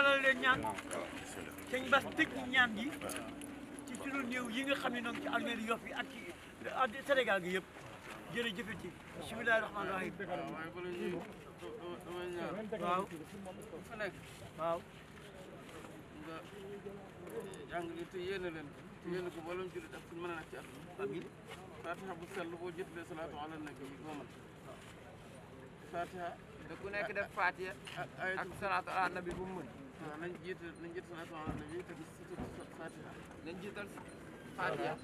ñaanal leen ñaan sëñ Bass tëj ñaan gi ci sunu néew yi nga xam ne noonu ci almeeri Yoff yi ak ci Sénégal gi yëpp jërëjëf ci bismillahi rahmaani rahim waaw waaw jàng gi te yéene leen te yéene ko mboolem jullit ak suñu mën a nekk ci àdduna amiin fatiha bu sell boo jëtlee salaatu ala nabi moo mën fatiha da ku nekk def fatiha ak salaatu ala nabi bu mu waaw nañ jiital nañ jiital salaatu ala nabi teg si fatiha. nañ jiital fatiha.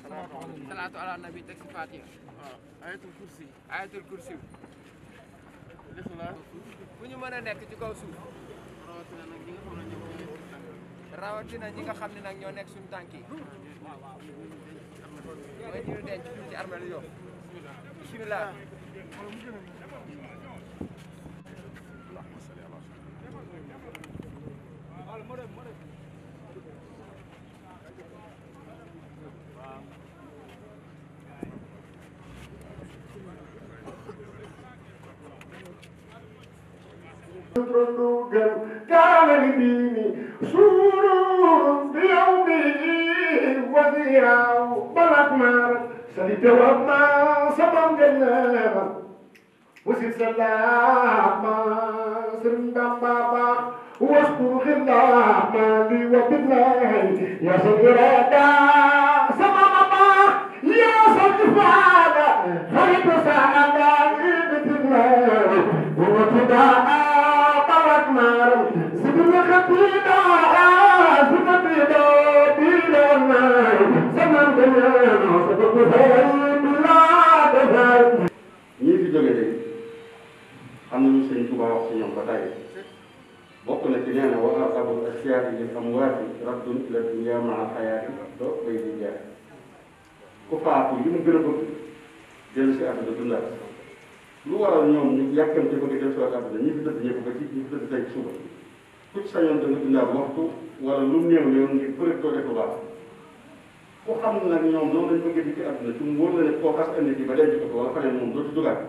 salaatu ala nabi teg si fatiha. kursi. ayatul kursi. lixlaas. ñu mën a nekk ci kaw suuf. rawatina ñi nga xam ne ñoo ñoo nekk suñu tànk yi. denc ci armeel yi. bisimilah. كان لديني سرور بيومه وزيرا بالأكمار سليت وابنا سبان جنة وسيسلا ما سرندم بابا أشكر النعمة لي وبالله يا صغيرانا سمع ماما يا صدفانا خيب سعنا إبت الله ومتداء طلق نار سبب خطينا سبب بينا النار سمع بينا سبب خير بلاد خير ñi fi jóge de am nañu sëñ Tuubaa wax ci ñoom ba tey na ci nee na wa aqabu asyaai lil amwaati raddun ila dunya maa xayaati ba bay di jaar ku faatu li mu gën a bëgg dellu si àdduna dundaat lu waral ñoom ñu yàkkam ci bëgg dellu si àdduna ñi fi tëdd ñëpp ba ci ñi fi tëdd tey suba ku ci sañoon da nga dundaat waxtu wala lu néew néew ngir bëri ko def lu baax ku xam nag ñoom noonu lañ bëgg di ci àdduna ci mu wóor la ne koo xas andi ji ba denc ko wala fa ne moom dootu dugaat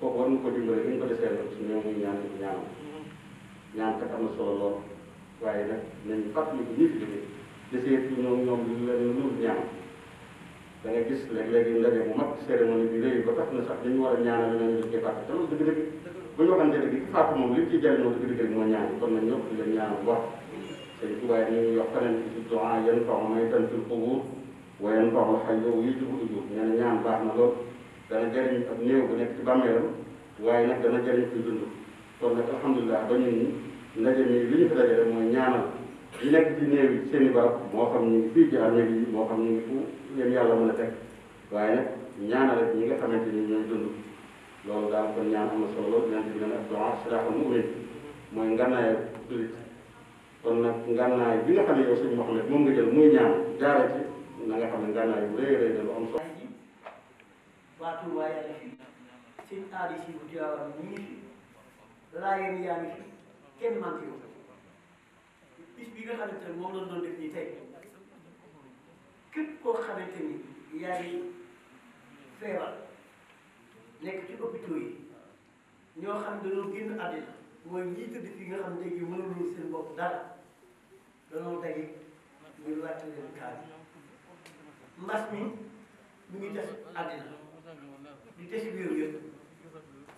kooku war nga ko dimbale li ñu ko desee suñu ñoom muy ñaan ñaanal yang ketemu solo lool waaye nag nañ fàttali ko ñu fi jóge desee ci ñoom ñoom lu la lu ñaan da nga gis léeg-léeg ndaje mu mag cérémonie bi léegi ba tax na sax dañu war a ñaanal nañ la ci fàtte te loolu dëgg dëgg bu ñu waxante dëgg faatu moom li ci jëriñoo dëgg dëgg moo ñaan kon nañ ñëpp di la ñaan bu baax sëñ tubaay ñu ngi wax feneen ci doa yan faw may tan fil qubur wa yan faw xay yow yi ci budu nee na ñaan baax na lool dana jëriñ ab néew bu nekk ci bàmmeelam waaye nag dana jëriñ ci dund kon nag alhamdulilah ba ñu ni ndaje mi li ñu fi daje rek mooy ñaanal ñi nekk ci néew yi seen i barab moo xam ñu ngi fii ci armée yi moo xam ñu ngi fu leen yàlla mën a teg waaye nag ñaanal ak ñi nga xamante ni ñooy dund loolu daal kon ñaan am na solo ñaan bi naan ak doa silaaxul mu'min mooy ngànnaay jullit kon nag ngànnaay bi nga xam ne yow sëñ Mouhamed moom nga jël muy ñaan jaare ci na nga xam ne ngànnaay bu rëy rëy da lu am solo. waa Touba yàlla fi seen aada si bu Tiwaawan ñii fi laajee ni yaa ngi fi kenn manqué wu bis bi nga xamante ne moom la doon def nii tey képp koo xamante ni yaa ngi feebar nekk ci hôpitaux yi ñoo xam dañoo génn àddina mooy ñii tëdd fi nga xam léegi mënulul seen bopp dara dañoo daje ñu wàcc leen kaar yi mbas mi mu ngi des àddina di des wéeru yëpp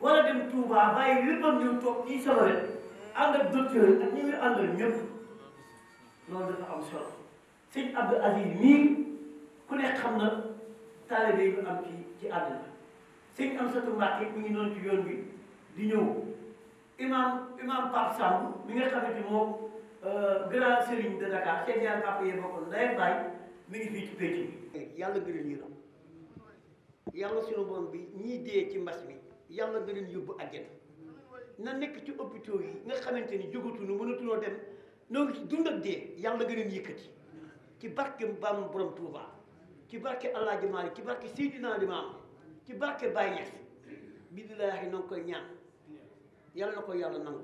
wala dem Touba bàyyi léppam ñëw toog ñuy sama wet ànd ak docteur ak ñi muy àndal ñëpp dafa am solo sëñ Abdou Aziz mii ku nekk xam na taalibe yi am ci ci àdduna sëñ Amsatu Mbàkke mi ngi noonu yoon bi di ñëw imam imam Pape nga xamante moom euh, grand sëriñ de yee bokkoon ndey baay mi ngi fii ci pénc yàlla gën a ñu yàlla sunu borom bi ñii dee ci mbas mi yàlla nga leen yóbbu àjjana na nekk ci hôpitaux yi nga xamante ni jógatuñu mënatuloo dem noo ngi ci dund ak dee yàlla nga leen yëkkati ci barke Bam Borom Touba ci barke El Hadj Malick ci barke Seydina Limam ci barke Baye Niass billaahi na nga koy ñaan yàlla na ko yàlla nangu.